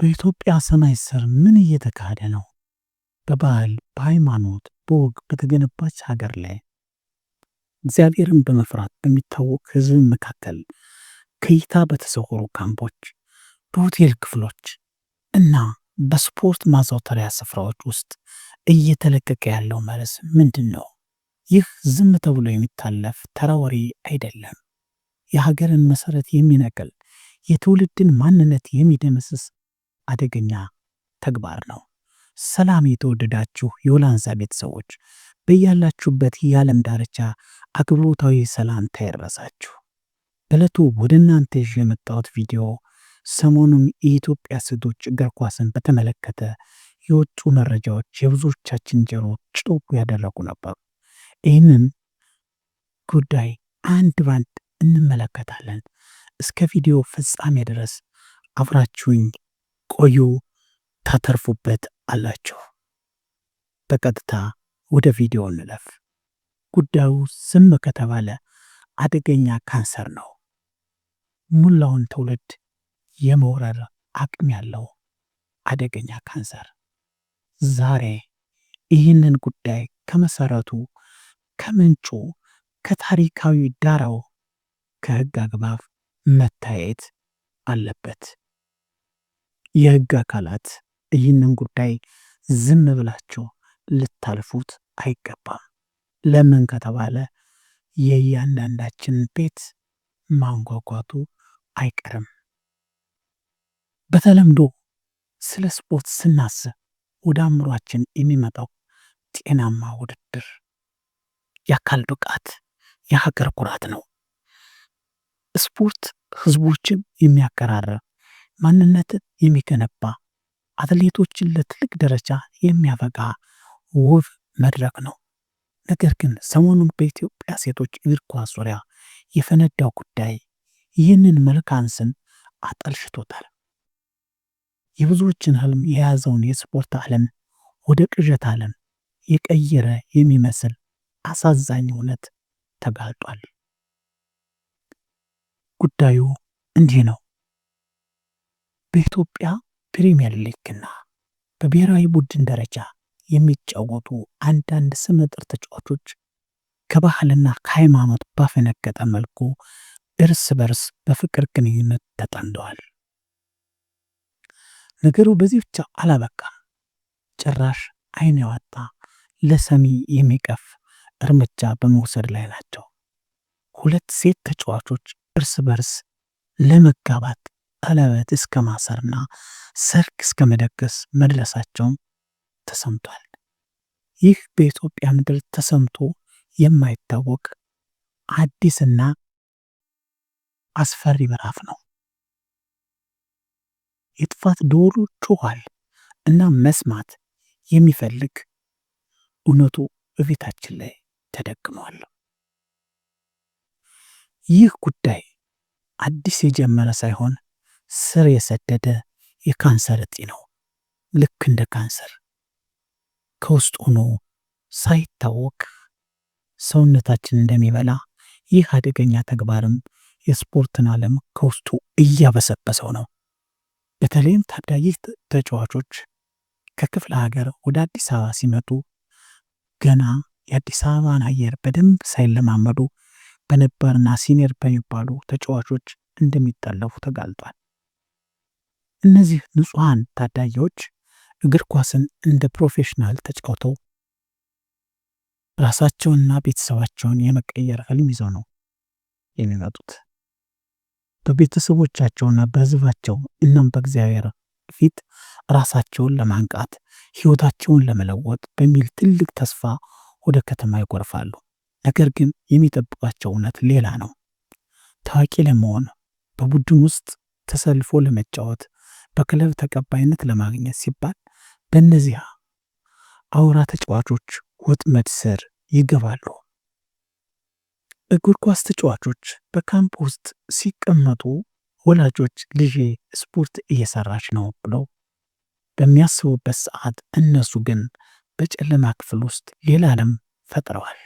በኢትዮጵያ ሰማይ ስር ምን እየተካሄደ ነው? በባህል፣ በሃይማኖት፣ በወግ በተገነባች ሀገር ላይ እግዚአብሔርን በመፍራት በሚታወቅ ህዝብ መካከል ከይታ በተሰወሩ ካምፖች፣ በሆቴል ክፍሎች እና በስፖርት ማዘውተሪያ ስፍራዎች ውስጥ እየተለቀቀ ያለው መርዝ ምንድን ነው? ይህ ዝም ተብሎ የሚታለፍ ተራ ወሬ አይደለም። የሀገርን መሰረት የሚነቅል የትውልድን ማንነት የሚደመስስ አደገኛ ተግባር ነው። ሰላም የተወደዳችሁ የወላንዛ ቤተሰቦች በያላችሁበት የዓለም ዳርቻ አክብሮታዊ ሰላምታ ይድረሳችሁ። በዕለቱ ወደ እናንተ ይዤ የመጣሁት ቪዲዮ ሰሞኑን የኢትዮጵያ ሴቶች እግር ኳስን በተመለከተ የወጡ መረጃዎች የብዙዎቻችን ጆሮ ጭጦቁ ያደረጉ ነበሩ። ይህንን ጉዳይ አንድ ባንድ እንመለከታለን። እስከ ቪዲዮ ፍጻሜ ድረስ አብራችሁኝ ቆዩ፣ ታተርፉበት አላቸው። በቀጥታ ወደ ቪዲዮ እንለፍ። ጉዳዩ ዝም ከተባለ አደገኛ ካንሰር ነው። ሙላውን ትውልድ የመውረር አቅም ያለው አደገኛ ካንሰር። ዛሬ ይህንን ጉዳይ ከመሰረቱ ከምንጩ ከታሪካዊ ዳራው ከህግ አግባብ መታየት አለበት። የህግ አካላት ይህንን ጉዳይ ዝም ብላችሁ ልታልፉት አይገባም። ለምን ከተባለ የእያንዳንዳችን ቤት ማንጓጓቱ አይቀርም። በተለምዶ ስለ ስፖርት ስናስብ ወደ አእምሯችን የሚመጣው ጤናማ ውድድር፣ የአካል ብቃት፣ የሀገር ኩራት ነው። ስፖርት ህዝቦችን የሚያቀራርብ ማንነትን የሚገነባ አትሌቶችን ለትልቅ ደረጃ የሚያበቃ ውብ መድረክ ነው። ነገር ግን ሰሞኑን በኢትዮጵያ ሴቶች እግር ኳስ ዙሪያ የፈነዳው ጉዳይ ይህንን መልካም ስም አጠልሽቶታል። የብዙዎችን ህልም የያዘውን የስፖርት ዓለም ወደ ቅዠት ዓለም የቀየረ የሚመስል አሳዛኝ እውነት ተጋልጧል። ጉዳዩ እንዲህ ነው። በኢትዮጵያ ፕሪሚየር ሊግና በብሔራዊ ቡድን ደረጃ የሚጫወቱ አንዳንድ ስመጥር ተጫዋቾች ከባህልና ከሃይማኖት ባፈነገጠ መልኩ እርስ በርስ በፍቅር ግንኙነት ተጠምደዋል። ነገሩ በዚህ ብቻ አላበቃም። ጭራሽ አይን ያወጣ ለሰሚ የሚቀፍ እርምጃ በመውሰድ ላይ ናቸው። ሁለት ሴት ተጫዋቾች እርስ በርስ ለመጋባት ቀለበት እስከ ማሰርና ሰርግ እስከ መደገስ መድረሳቸውም ተሰምቷል። ይህ በኢትዮጵያ ምድር ተሰምቶ የማይታወቅ አዲስና አስፈሪ ምዕራፍ ነው። የጥፋት ዶሩ ጮኋል እና መስማት የሚፈልግ እውነቱ በፊታችን ላይ ተደግመዋል። ይህ ጉዳይ አዲስ የጀመረ ሳይሆን ስር የሰደደ የካንሰር እጢ ነው። ልክ እንደ ካንሰር ከውስጥ ሆኖ ሳይታወቅ ሰውነታችን እንደሚበላ ይህ አደገኛ ተግባርም የስፖርትን ዓለም ከውስጡ እያበሰበሰው ነው። በተለይም ታዳጊ ተጫዋቾች ከክፍለ ሀገር ወደ አዲስ አበባ ሲመጡ ገና የአዲስ አበባን አየር በደንብ ሳይለማመዱ በነባርና ሲኒየር በሚባሉ ተጫዋቾች እንደሚጠለፉ ተጋልጧል። እነዚህ ንጹሐን ታዳጊዎች እግር ኳስን እንደ ፕሮፌሽናል ተጫውተው ራሳቸውንና ቤተሰባቸውን የመቀየር ህልም ይዘው ነው የሚመጡት። በቤተሰቦቻቸውና በህዝባቸው እናም በእግዚአብሔር ፊት ራሳቸውን ለማንቃት ህይወታቸውን ለመለወጥ በሚል ትልቅ ተስፋ ወደ ከተማ ይጎርፋሉ። ነገር ግን የሚጠብቋቸው እውነት ሌላ ነው። ታዋቂ ለመሆን፣ በቡድን ውስጥ ተሰልፎ ለመጫወት በክለብ ተቀባይነት ለማግኘት ሲባል በእነዚያ አውራ ተጫዋቾች ወጥመድ ስር ይገባሉ። እግር ኳስ ተጫዋቾች በካምፕ ውስጥ ሲቀመጡ ወላጆች ልጄ ስፖርት እየሰራች ነው ብለው በሚያስቡበት ሰዓት እነሱ ግን በጨለማ ክፍል ውስጥ ሌላ ዓለም ፈጥረዋል።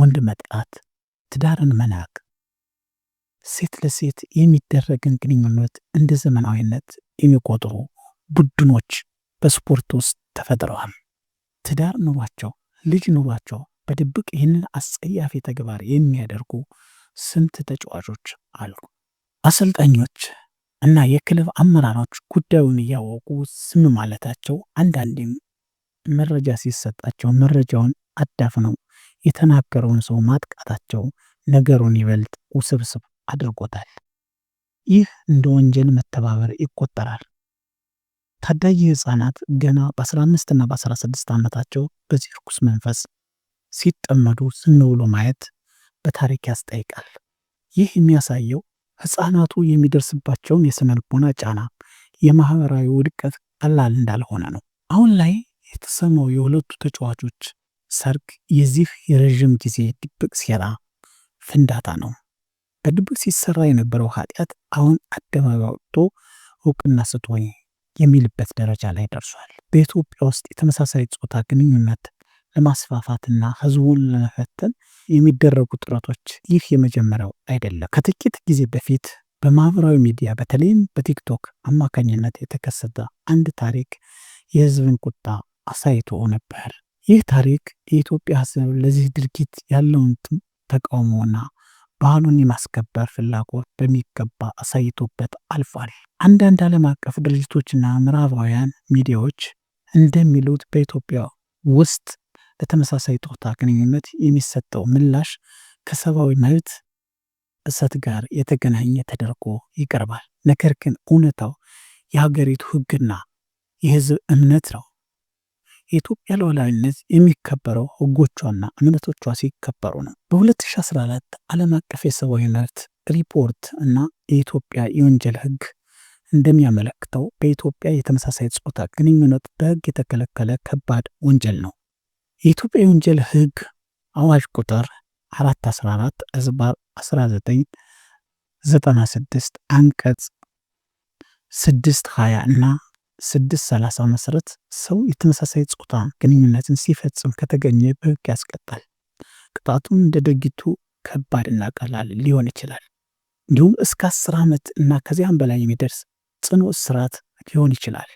ወንድ መጥላት፣ ትዳርን መናቅ፣ ሴት ለሴት የሚደረግን ግንኙነት እንደ ዘመናዊነት የሚቆጥሩ ቡድኖች በስፖርት ውስጥ ተፈጥረዋል። ትዳር ኑሯቸው፣ ልጅ ኑሯቸው በድብቅ ይህንን አስጸያፊ ተግባር የሚያደርጉ ስንት ተጫዋቾች አሉ። አሰልጣኞች እና የክለብ አመራሮች ጉዳዩን እያወቁ ስም ማለታቸው፣ አንዳንዴም መረጃ ሲሰጣቸው መረጃውን አዳፍነው የተናገረውን ሰው ማጥቃታቸው ነገሩን ይበልጥ ውስብስብ አድርጎታል። ይህ እንደ ወንጀል መተባበር ይቆጠራል። ታዳጊ ሕፃናት ገና በ15 እና በ16 ዓመታቸው በዚህ ርኩስ መንፈስ ሲጠመዱ ስንውሎ ማየት በታሪክ ያስጠይቃል። ይህ የሚያሳየው ሕፃናቱ የሚደርስባቸውን የስነልቦና ጫና፣ የማኅበራዊ ውድቀት ቀላል እንዳልሆነ ነው። አሁን ላይ የተሰማው የሁለቱ ተጫዋቾች ሰርግ የዚህ የረዥም ጊዜ ድብቅ ሴራ ፍንዳታ ነው። በድብቅ ሲሰራ የነበረው ኃጢአት አሁን አደባባይ ወጥቶ እውቅና ስቶኝ የሚልበት ደረጃ ላይ ደርሷል። በኢትዮጵያ ውስጥ የተመሳሳይ ጾታ ግንኙነት ለማስፋፋትና ህዝቡን ለመፈተን የሚደረጉ ጥረቶች ይህ የመጀመሪያው አይደለም። ከጥቂት ጊዜ በፊት በማህበራዊ ሚዲያ በተለይም በቲክቶክ አማካኝነት የተከሰተ አንድ ታሪክ የህዝብን ቁጣ አሳይቶ ነበር። ይህ ታሪክ የኢትዮጵያ ህዝብ ለዚህ ድርጊት ያለውን ተቃውሞና ባህሉን የማስከበር ፍላጎት በሚገባ አሳይቶበት አልፏል። አንዳንድ ዓለም አቀፍ ድርጅቶችና ምዕራባውያን ሚዲያዎች እንደሚሉት በኢትዮጵያ ውስጥ ለተመሳሳይ ጾታ ግንኙነት የሚሰጠው ምላሽ ከሰብአዊ መብት እሰት ጋር የተገናኘ ተደርጎ ይቀርባል። ነገር ግን እውነታው የሀገሪቱ ሕግና የሕዝብ እምነት ነው። የኢትዮጵያ ሉዓላዊነት የሚከበረው ህጎቿና እምነቶቿ ሲከበሩ ነው። በ2014 ዓለም አቀፍ የሰብአዊ መብት ሪፖርት እና የኢትዮጵያ የወንጀል ህግ እንደሚያመለክተው በኢትዮጵያ የተመሳሳይ ጾታ ግንኙነት በህግ የተከለከለ ከባድ ወንጀል ነው። የኢትዮጵያ የወንጀል ህግ አዋጅ ቁጥር 414 እዝባር 1996 አንቀጽ 620 እና 630 መሰረት ሰው የተመሳሳይ ጾታ ግንኙነትን ሲፈጽም ከተገኘ በህግ ያስቀጣል። ቅጣቱም እንደ ድርጊቱ ከባድና ቀላል ሊሆን ይችላል። እንዲሁም እስከ 10 ዓመት እና ከዚያም በላይ የሚደርስ ጽኑ እስራት ሊሆን ይችላል።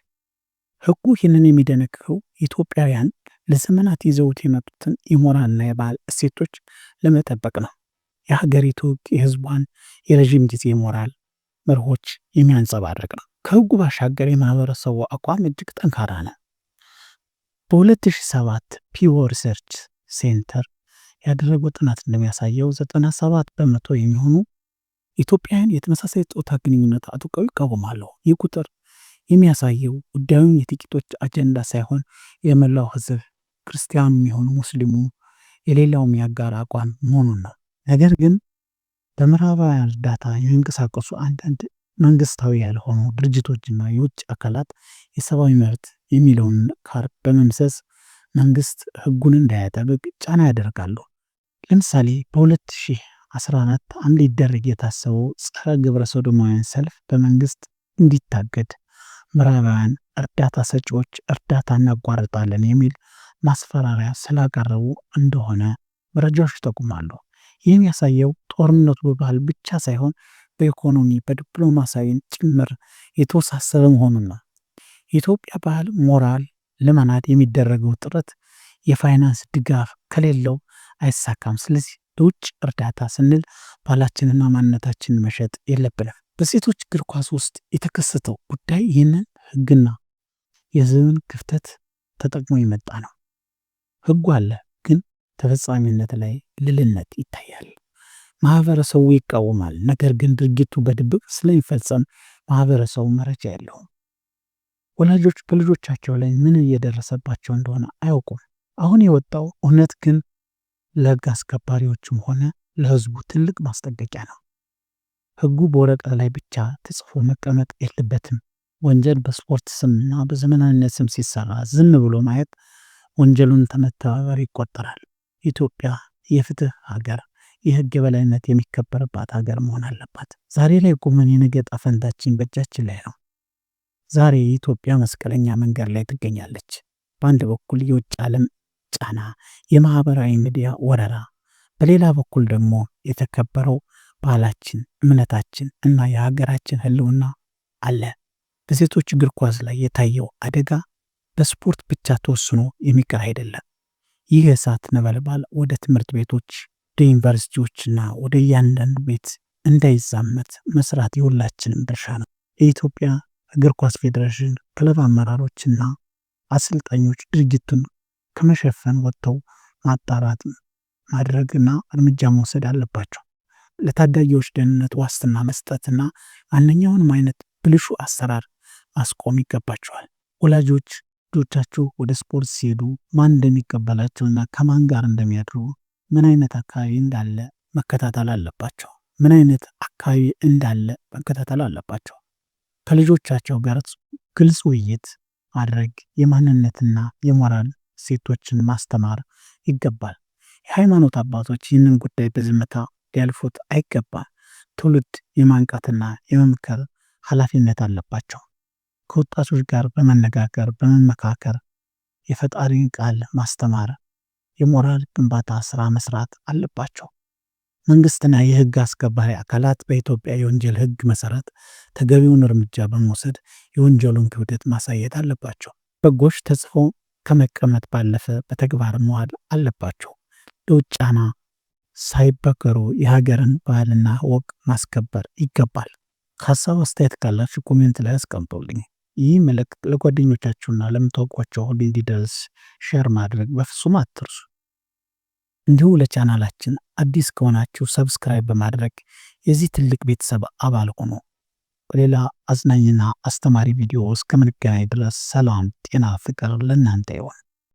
ህጉ ይህንን የሚደነግገው ኢትዮጵያውያን ለዘመናት ይዘውት የመጡትን የሞራልና የባህል እሴቶች ለመጠበቅ ነው። የሀገሪቱ የህዝቧን የሕዝቧን የረዥም ጊዜ ሞራል መርሆች የሚያንጸባርቅ ነው። ከህጉ ባሻገር የማህበረሰቡ አቋም እጅግ ጠንካራ ነው። በ2007 ፒዎ ሪሰርች ሴንተር ያደረገው ጥናት እንደሚያሳየው 97 በመቶ የሚሆኑ ኢትዮጵያውያን የተመሳሳይ ፆታ ግንኙነት አጥብቀው ይቃወማሉ። ይህ ቁጥር የሚያሳየው ጉዳዩን የጥቂቶች አጀንዳ ሳይሆን የመላው ህዝብ፣ ክርስቲያኑ የሚሆኑ ሙስሊሙ፣ የሌላውም ያጋር አቋም መሆኑን ነው። ነገር ግን በምዕራባውያን እርዳታ የሚንቀሳቀሱ አንዳንድ መንግስታዊ ያልሆኑ ድርጅቶችና የውጭ አካላት የሰብአዊ መብት የሚለውን ካር በመምሰስ መንግስት ህጉን እንዳያጠብቅ ጫና ያደርጋሉ። ለምሳሌ በ2014 አንድ ሊደረግ የታሰበው ጸረ ግብረ ሶዶማውያን ሰልፍ በመንግስት እንዲታገድ፣ ምዕራባውያን እርዳታ ሰጪዎች እርዳታ እናቋርጣለን የሚል ማስፈራሪያ ስላቀረቡ እንደሆነ መረጃዎች ይጠቁማሉ። ይህም ያሳየው ጦርነቱ በባህል ብቻ ሳይሆን በኢኮኖሚ በዲፕሎማሲያዊ ጭምር የተወሳሰበ መሆኑና የኢትዮጵያ ባህል ሞራል ለማናድ የሚደረገው ጥረት የፋይናንስ ድጋፍ ከሌለው አይሳካም። ስለዚህ ለውጭ እርዳታ ስንል ባህላችንና ማንነታችንን መሸጥ የለብንም። በሴቶች እግር ኳስ ውስጥ የተከሰተው ጉዳይ ይህንን ህግና የሕዝብን ክፍተት ተጠቅሞ የመጣ ነው። ህጉ አለ፣ ግን ተፈጻሚነት ላይ ልልነት ይታያል። ማህበረሰቡ ይቃወማል። ነገር ግን ድርጊቱ በድብቅ ስለሚፈጸም ማህበረሰቡ መረጃ የለውም። ወላጆች በልጆቻቸው ላይ ምን እየደረሰባቸው እንደሆነ አያውቁም። አሁን የወጣው እውነት ግን ለህግ አስከባሪዎችም ሆነ ለህዝቡ ትልቅ ማስጠንቀቂያ ነው። ህጉ በወረቀት ላይ ብቻ ተጽፎ መቀመጥ የለበትም። ወንጀል በስፖርት ስምና በዘመናዊነት ስም ሲሰራ ዝም ብሎ ማየት ወንጀሉን ተመተባበር ይቆጠራል። ኢትዮጵያ የፍትህ ሀገር የህግ የበላይነት የሚከበርባት ሀገር መሆን አለባት። ዛሬ ላይ ቁመን የነገ ጣፈንታችን በእጃችን ላይ ነው። ዛሬ የኢትዮጵያ መስቀለኛ መንገድ ላይ ትገኛለች። በአንድ በኩል የውጭ ዓለም ጫና፣ የማህበራዊ ሚዲያ ወረራ፣ በሌላ በኩል ደግሞ የተከበረው ባህላችን፣ እምነታችን እና የሀገራችን ህልውና አለ። በሴቶች እግር ኳስ ላይ የታየው አደጋ በስፖርት ብቻ ተወስኖ የሚቀር አይደለም። ይህ እሳት ነበልባል ወደ ትምህርት ቤቶች ወደ ዩኒቨርሲቲዎችና ወደ እያንዳንዱ ቤት እንዳይዛመት መስራት የሁላችንም ድርሻ ነው። የኢትዮጵያ እግር ኳስ ፌዴሬሽን ክለብ አመራሮችና አሰልጣኞች ድርጊቱን ከመሸፈን ወጥተው ማጣራት ማድረግና እርምጃ መውሰድ አለባቸው። ለታዳጊዎች ደህንነት ዋስትና መስጠትና ማንኛውንም አይነት ብልሹ አሰራር ማስቆም ይገባቸዋል። ወላጆች ልጆቻቸው ወደ ስፖርት ሲሄዱ ማን እንደሚቀበላቸውና ከማን ጋር እንደሚያድሩ ምን አይነት አካባቢ እንዳለ መከታተል አለባቸው። ምን አይነት አካባቢ እንዳለ መከታተል አለባቸው። ከልጆቻቸው ጋር ግልጽ ውይይት ማድረግ የማንነትና የሞራል ሴቶችን ማስተማር ይገባል። የሃይማኖት አባቶች ይህንን ጉዳይ በዝምታ ሊያልፉት አይገባል። ትውልድ የማንቃትና የመምከር ኃላፊነት አለባቸው። ከወጣቶች ጋር በመነጋገር በመመካከር የፈጣሪን ቃል ማስተማር የሞራል ግንባታ ስራ መስራት አለባቸው። መንግስትና የህግ አስከባሪ አካላት በኢትዮጵያ የወንጀል ህግ መሰረት ተገቢውን እርምጃ በመውሰድ የወንጀሉን ክብደት ማሳየት አለባቸው። በጎች ተጽፎ ከመቀመጥ ባለፈ በተግባር መዋል አለባቸው። የውጭ ጫና ሳይበገሩ የሀገርን ባህልና ወግ ማስከበር ይገባል። ከሀሳብ አስተያየት ካላችሁ ኮሜንት ላይ አስቀምጡልኝ። ይህ መልእክት ለጓደኞቻችሁና ለምታውቋቸው ሁሉ እንዲደርስ ሼር ማድረግ በፍጹም አትርሱ። እንዲሁ ለቻናላችን አዲስ ከሆናችሁ ሰብስክራይብ በማድረግ የዚህ ትልቅ ቤተሰብ አባል ሆኖ በሌላ አዝናኝና አስተማሪ ቪዲዮ እስከምንገናኝ ድረስ ሰላም፣ ጤና፣ ፍቅር ለእናንተ ይሆን።